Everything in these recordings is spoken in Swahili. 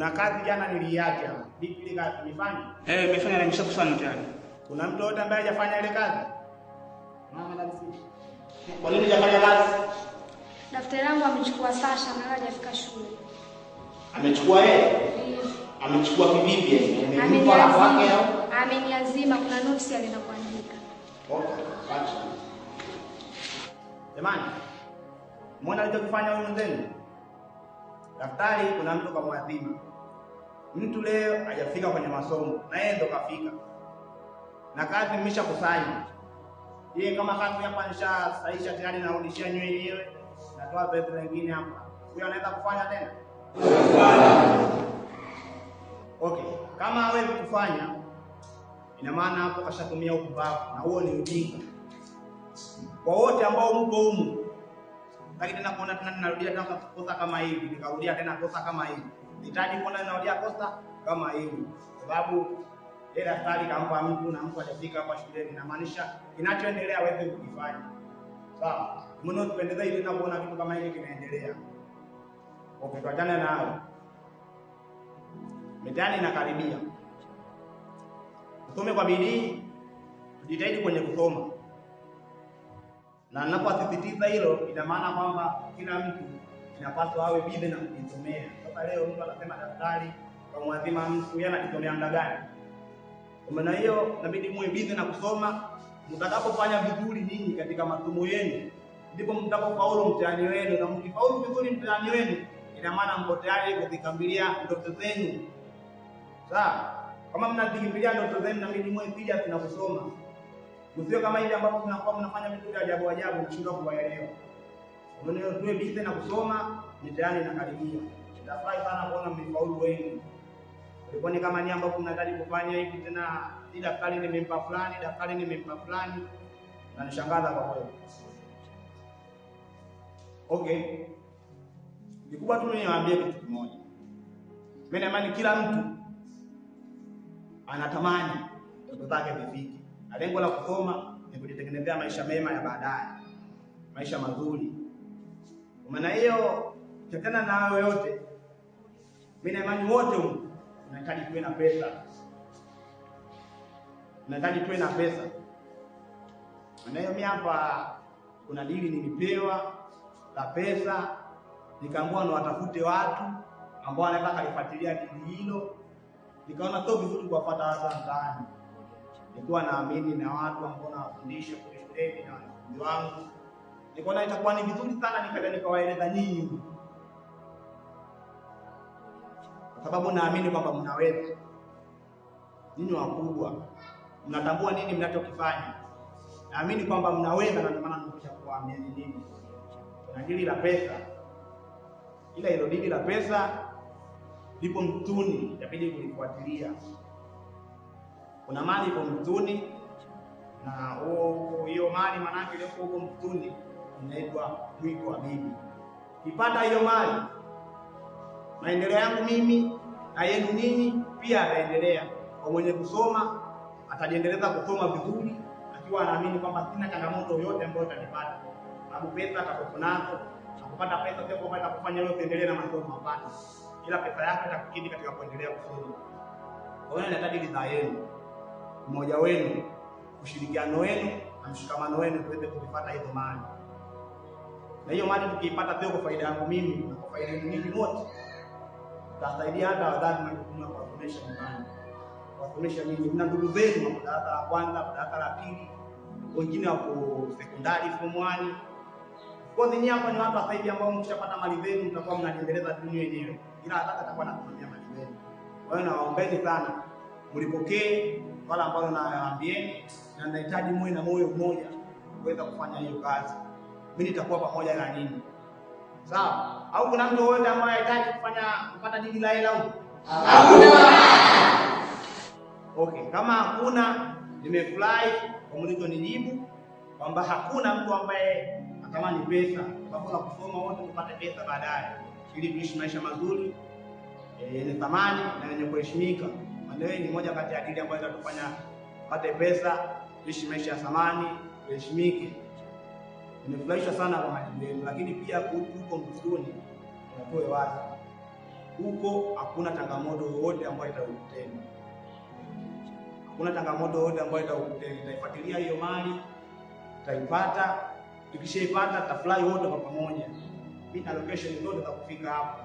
Kuna kazi jana niliacha. Vipi ile kazi nimefanya? Eh, nimefanya na nimesha kusana tayari. Kuna mtu yote ambaye hajafanya ile kazi? Mama na bisiki. Kwa nini hajafanya kazi? Daftari langu amechukua Sasha na hajafika shule. Amechukua yeye? Ndio. Amechukua kivipi? Amenipa la kwake au? Ameniazima, kuna notes alienda kuandika. Okay, oh, acha. Jamani, mbona alichokifanya huyu mzee? daftari, kuna mtu kamwadhibu, mtu leo hajafika kwenye masomo na yeye ndo kafika na kazi mmesha kusanya yeye, kama kazi hapa nishasaisha tayari, narudishia nywe yenyewe, natoa pesa nyingine hapa, huyo anaweza kufanya tena? Okay, kama hawezi kufanya, ina maana hapo kashatumia upumbavu, na huo ni ujinga kwa wote ambao mko humu lakini tena kuona tena ninarudia tena kosa kama hivi, nikarudia tena kosa kama hivi. Nitaji kuona ninarudia kosa kama hivi. Sababu ile daftari kampa mtu na mtu hajafika hapa shuleni, inamaanisha kinachoendelea wewe ukifanya. Sawa? Mbona tupendeza ili na kuona vitu kama hivi kinaendelea. Okay, tuachane na Mitihani inakaribia. Usome kwa bidii, tujitahidi kwenye kusoma na ninapothibitisha hilo, ina maana kwamba kila mtu inapaswa awe bize na kujisomea. Sasa leo mtu anasema daktari kamwazima mtu yana jisomea muda gani? Maana hiyo inabidi muwe bize na kusoma. Mtakapofanya vizuri nyinyi katika masomo yenu, ndipo mtakapofaulu mtihani wenu, na mkifaulu vizuri mtihani wenu, ina maana mko tayari kuzikambilia ndoto zenu. Sawa? Kama mnazikimbilia ndoto zenu, na mimi mwe pia tunakusoma Usiwe kama ile ambapo mnakuwa mnafanya vitu vya ajabu ajabu mshindwa kuwaelewa. Unaona tuwe busy na kusoma, mitihani inakaribia. Nitafurahi sana kuona mmefaulu wengi. Ilikuwa ni kama ni ambapo mnadai kufanya hivi tena hii daftari nimempa fulani, daftari nimempa fulani. Na nishangaza kwa kweli. Okay. Nikubwa tu niwaambie kitu kimoja. Mimi naamini kila mtu anatamani ndoto zake zifike na lengo la kusoma ni kujitengenezea maisha mema ya baadaye, maisha mazuri. Kwa maana hiyo, kutokana na hayo yote, mimi na imani wote tunahitaji tuwe na pesa, tunahitaji tuwe na pesa. Maana hiyo, mimi hapa kuna dili nilipewa la pesa, nikaamua na watafute watu ambao wanaweza kalifuatilia dili hilo, nikaona sio vizuri kuwapata watu mtaani nilikuwa naamini na watu ambao nawafundisha kwenye shuleni na wanafunzi wangu, nikaona itakuwa ni vizuri sana nikaenda nikawaeleza nyinyi, kwa sababu naamini kwamba mnaweza nini wakubwa, mnatambua nini mnachokifanya. Naamini kwamba mnaweza, na ndio maana nimekuja kuwaambia nini na dili la pesa, ila hilo dili la pesa lipo mtuni, itabidi kulifuatilia kuna mali iko mtuni, na hiyo mali manake iliyoko huko mtuni inaitwa mwiko wa bibi. Kipata hiyo mali, maendeleo yangu mimi na yenu nini pia ataendelea. Kwa mwenye kusoma atajiendeleza kusoma vizuri, akiwa anaamini kwamba sina changamoto yoyote ambayo itanipata, sababu pesa nazo na kupata pesa sio kwamba itakufanya wewe uendelee na masomo, hapana, ila pesa yako itakukidhi katika kuendelea kusoma. Kwa hiyo ni kadiri za yenu umoja wenu, ushirikiano wenu na mshikamano wenu, tuweze kuvipata hizo mali, na hiyo mali tukiipata pia kwa faida yangu mimi na kwa faida yenu nyinyi wote, tutasaidia hata wadhambi na kutumia kuwatumisha nyumbani, kuwatumisha nyinyi na ndugu zenu wa darasa la kwanza, darasa la pili, wengine wako sekondari form 1 kwa nini hapa ni watu wasaidia ambao mkishapata mali zenu mtakuwa mnaendeleza dunia yenyewe, ila hata atakuwa anatumia mali zenu. Kwa hiyo nawaombeni sana, mlipokee wala ambalo nawaambieni, na ninahitaji muwe na moyo mmoja kuweza kufanya hiyo kazi. Mimi nitakuwa pamoja na ninyi, sawa? Au kuna mtu wote ambaye anahitaji kufanya kupata dini la hela huko? Hakuna. Okay, kama hakuna, nimefurahi kwa mlichonijibu kwamba hakuna mtu ambaye atamani pesa, sababu na kusoma wote kupata pesa baadaye, ili kuishi maisha mazuri eh, yenye thamani na yenye kuheshimika. Maendeleo ni moja kati ya dili ambayo itatufanya pate pesa, tuishi maisha ya samani tuheshimike. Nimefurahishwa sana kwa majibu yenu, lakini pia huko msituni tunatoe wazi, huko hakuna changamoto yoyote ambayo itakutenda, hakuna changamoto yoyote ambayo itakutenda. Itaifuatilia hiyo mali, tutaipata. Tukishaipata tafurahi wote kwa pamoja. Mimi na location za kufika hapo,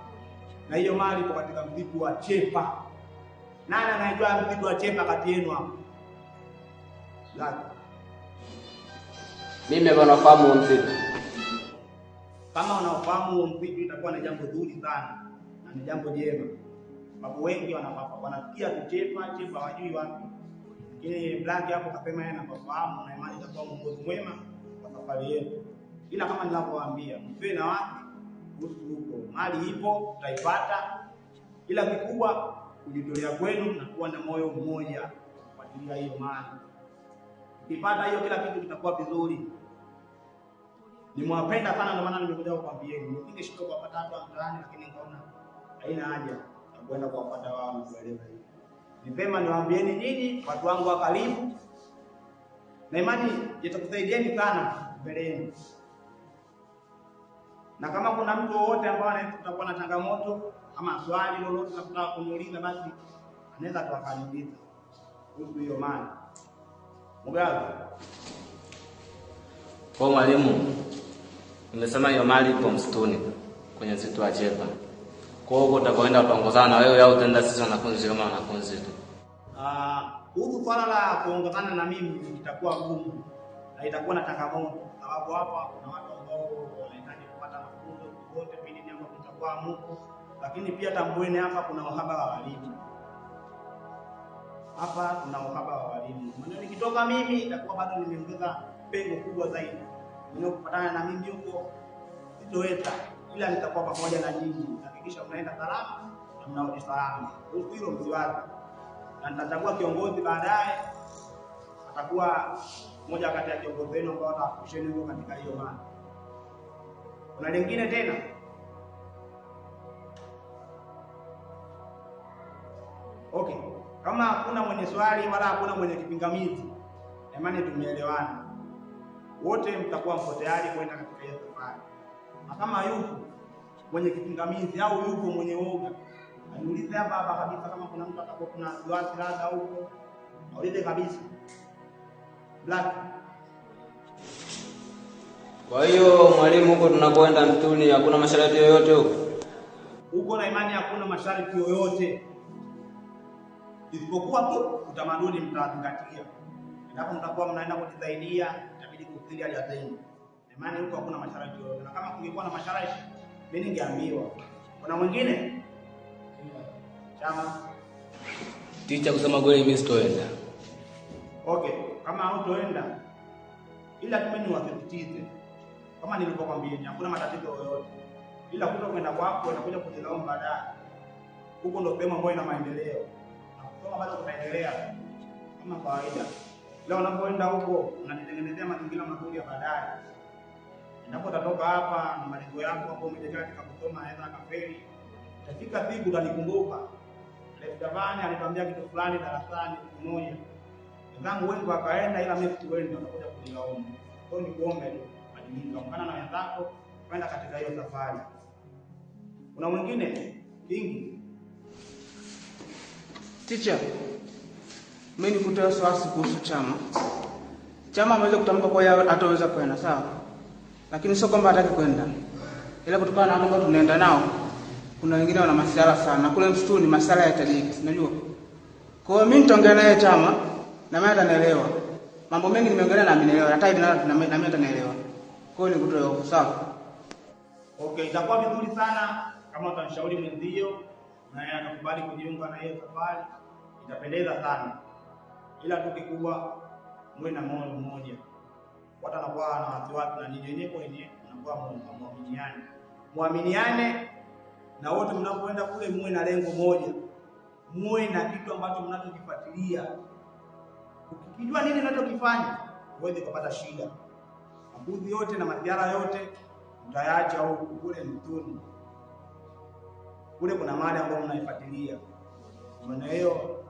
na hiyo mali kwa katika mdhiku wa chepa nani anajua mtu achema kati yenu hapo? Mimi wanafahamu huo mpito. Kama wanaofahamu huo mpito itakuwa na jambo zuri sana na ni jambo jema, sababu wengi wanafikia kuchepa chepa, wajui wapi. Lakini Blanki hapo kapema yeye anafahamu, na imani itakuwa mwongozi mwema kwa safari yetu, ila kama ninavyowaambia, mpe na watu huko, mali ipo, tutaipata, ila kikubwa kujitolea kwenu na kuwa na moyo mmoja kwa ajili ya hiyo mali. Ukipata hiyo, kila kitu kitakuwa vizuri. Nimewapenda sana, ndio maana nimekuja kukwambieni. Ningeshindwa kuwapata watu mtaani, lakini nikaona haina haja ya kwenda kuwapata wao na kueleza hivi. Ni pema niwaambieni nyinyi watu wangu wa karibu, na imani itakusaidieni sana mbeleni na kama kuna mtu wowote ambaye anakuwa na changamoto ama swali lolote nakutaka kumuuliza, basi anaweza tuwakaniuliza kuhusu hiyo mali mgawa. Kwa mwalimu, nimesema hiyo mali kwa msituni, kwenye msitu wa Chepa. Kwa hiyo utakwenda utaongozana na wewe au utaenda sisi wanafunzi kama wanafunzi tu? Ah, huko swala la kuongozana na mimi itakuwa ngumu na itakuwa na changamoto, sababu hapa kuna watu ambao wanahitaji kupata mafunzo wote pindi ambao mtakuwa muko lakini pia tambueni, hapa kuna uhaba wa walimu, hapa kuna uhaba wa walimu. Maana nikitoka mimi itakuwa bado nimeongeza pengo kubwa zaidi, mwenye kupatana na mimi huko sitoweza, ila nitakuwa pamoja na nyinyi. Hakikisha mnaenda salama na mnarudi salama, huku hilo mziwazi, na nitachagua kiongozi baadaye, atakuwa mmoja kati ya kiongozi wenu ambao atakusheni huko katika hiyo mana Kuna lingine tena Okay, kama hakuna mwenye swali wala hakuna mwenye kipingamizi, imani tumeelewana, wote mtakuwa mko tayari kwenda katika hiyo safari. Na kama yupo mwenye kipingamizi au yupo mwenye woga, aniulize hapa hapa kabisa, kama kuna mtu atakuwa kuna wasiwasi labda huko, aulize kabisa black kwa hiyo mwalimu, huko tunakwenda mtuni hakuna masharti yoyote huko? Huko na imani hakuna masharti yoyote isipokuwa tu utamaduni mtazingatia. Endapo mtakuwa mnaenda kujisaidia, itabidi kukiri haja zenu. Imani huko hakuna masharti yoyote, na kama kungekuwa na masharti mimi ningeambiwa. Kuna mwingine chama ticha kusema kweli, mimi sitoenda. Okay, kama hautoenda, ila mimi niwasisitize kama nilivyokwambia, hakuna matatizo yoyote, ila kuto kwenda kwako inakuja kujilaumu baadaye. Huko ndio sehemu ambayo ina maendeleo kama bado unaendelea kama kawaida. Leo unapoenda huko unanitengenezea mazingira mazuri ya baadaye. Endapo utatoka hapa na malengo yako hapo umejiwekea katika kusoma, aidha na akafeli. Itafika siku utanikumbuka. Leftavani alituambia kitu fulani darasani siku moja, wenzangu wengi wakaenda, ila mimi siku wengi wakakuja kunilauma. Kwa hiyo nikuombe badilika, ungana na wenzako kwenda katika hiyo safari. Kuna mwingine kingi Teacher, mimi nikutoa wasiwasi kuhusu Chama. Chama ameweza kutamka kwa yeye ataweza kwenda, sawa? Lakini sio kwamba hataki kwenda. Ila kutokana na mambo tunaenda nao, kuna wengine wana masuala sana. Kule msituni masala yatajiki, unajua? Kwa hiyo mimi nitaongea naye Chama na mimi atanielewa. Mambo mengi nimeongelea na amenielewa. Hata hivi na mimi atanielewa. Kwa hiyo nikutoa hofu, sawa? Okay, itakuwa vizuri sana kama utanishauri mwenzio na yeye akakubali kujiunga na hiyo safari, itapendeza sana, ila tu kikubwa mwe na moyo mmoja. Watu anakuwa na wasiwasi na ninyi wenyewe kwenye mnakuwa mwaminiane, mwaminiane na wote mnapoenda kule, muwe na lengo moja, muwe na kitu ambacho mnachokifuatilia. Ukijua nini unachokifanya, uweze kupata shida. Mabuzi yote na madhara yote mtayacha huku kule mtuni kule kuna mali ambayo mnaifuatilia. Maana hiyo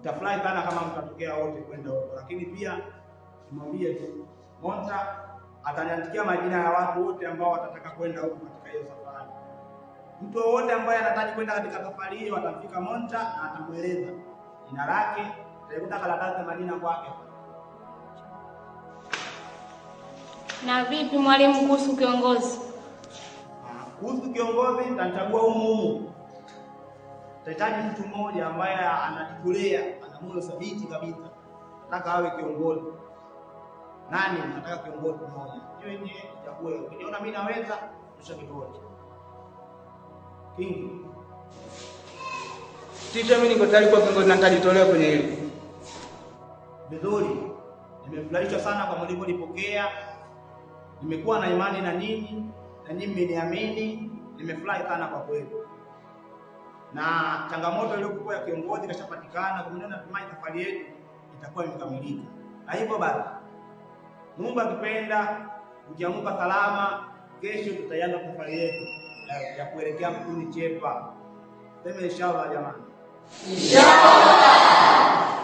mtafurahi sana kama mtatokea wote kwenda huko, lakini pia nimwambie tu Monta ataniandikia majina ya watu wote ambao watataka kwenda huko katika hiyo safari. Mtu wowote ambaye anataka kwenda katika safari hiyo atamfika Monta na atamweleza jina lake, atakuta karatasi ya majina kwake. Na vipi mwalimu kuhusu kiongozi? kuhusu kiongozi nitachagua humu humu, nitahitaji mtu mmoja ambaye anajitolea, ana moyo thabiti kabisa, nataka awe kiongozi. Nani nataka kiongozi mmoja, hiyo yenyewe chague. Ukiona mimi naweza, rusha kidole kingi. Tita, mimi niko tayari kwa kiongozi na nitajitolea kwenye hilo. Vizuri, nimefurahishwa sana kwa mlivyonipokea. Nimekuwa na imani na nini na nyinyi mmeniamini, nimefurahi sana kwa kweli. Na changamoto iliyokuwa ya kiongozi kashapatikana, kwa maana natumai safari yetu itakuwa imekamilika. Na hivyo basi, Mungu akipenda, ukiamuka salama, kesho tutaanza safari yetu ya kuelekea mtuni Chepa. Sema inshallah jamani, inshallah.